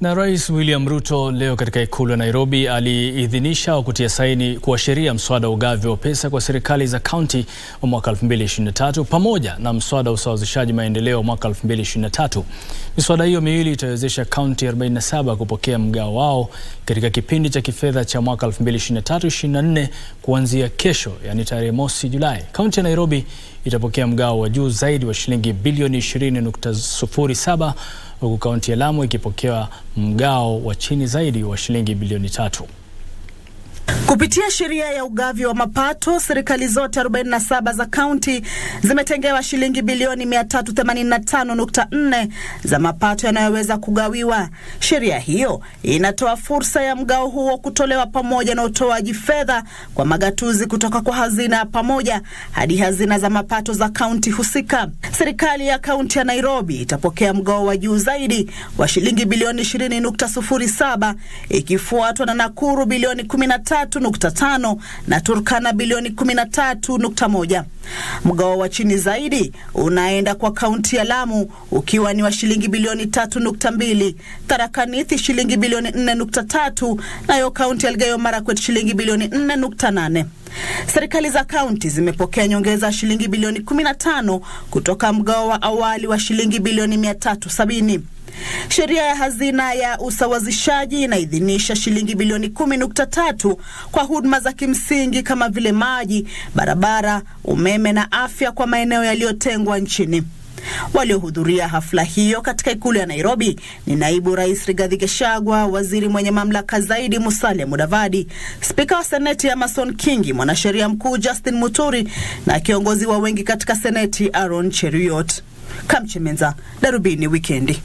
Na Rais William Ruto leo katika ikulu ya Nairobi aliidhinisha au kutia saini kuwa sheria mswada wa ugavi wa pesa kwa serikali za kaunti wa mwaka 2023 pamoja na mswada wa usawazishaji maendeleo wa mwaka 2023. Miswada hiyo miwili itawezesha kaunti 47 kupokea mgao wao katika kipindi cha kifedha cha mwaka 2023-2024 kuanzia kesho, yani tarehe mosi Julai. Kaunti ya Nairobi itapokea mgao wa juu zaidi wa shilingi bilioni 20.07 huku kaunti ya Lamu ikipokea mgao wa chini zaidi wa shilingi bilioni tatu. Kupitia sheria ya ugavi wa mapato, serikali zote 47 za kaunti zimetengewa shilingi bilioni 385.4 za mapato yanayoweza kugawiwa. Sheria hiyo inatoa fursa ya mgao huo kutolewa pamoja na utoaji fedha kwa magatuzi kutoka kwa hazina ya pamoja hadi hazina za mapato za kaunti husika serikali ya kaunti ya Nairobi itapokea mgao wa juu zaidi wa shilingi bilioni 20.07 ikifuatwa na Nakuru bilioni 13.5 na Turkana bilioni 13.1. Mgao wa chini zaidi unaenda kwa kaunti ya Lamu ukiwa ni wa shilingi bilioni 3.2, Tharaka Nithi shilingi bilioni 4.3, nayo kaunti ya Elgeyo Marakwet shilingi bilioni 4.8. Serikali za kaunti zimepokea nyongeza ya shilingi bilioni 15 kutoka mgao wa awali wa shilingi bilioni 370. Sheria ya hazina ya usawazishaji inaidhinisha shilingi bilioni 10.3 kwa huduma za kimsingi kama vile maji, barabara, umeme na afya kwa maeneo yaliyotengwa nchini. Waliohudhuria hafla hiyo katika ikulu ya Nairobi ni naibu rais Rigathi Gachagua, waziri mwenye mamlaka zaidi Musalia Mudavadi, spika wa seneti Amason Kingi, mwanasheria mkuu Justin Muturi na kiongozi wa wengi katika seneti Aaron Cheruiyot. Kamchemenza, Darubini Wikendi.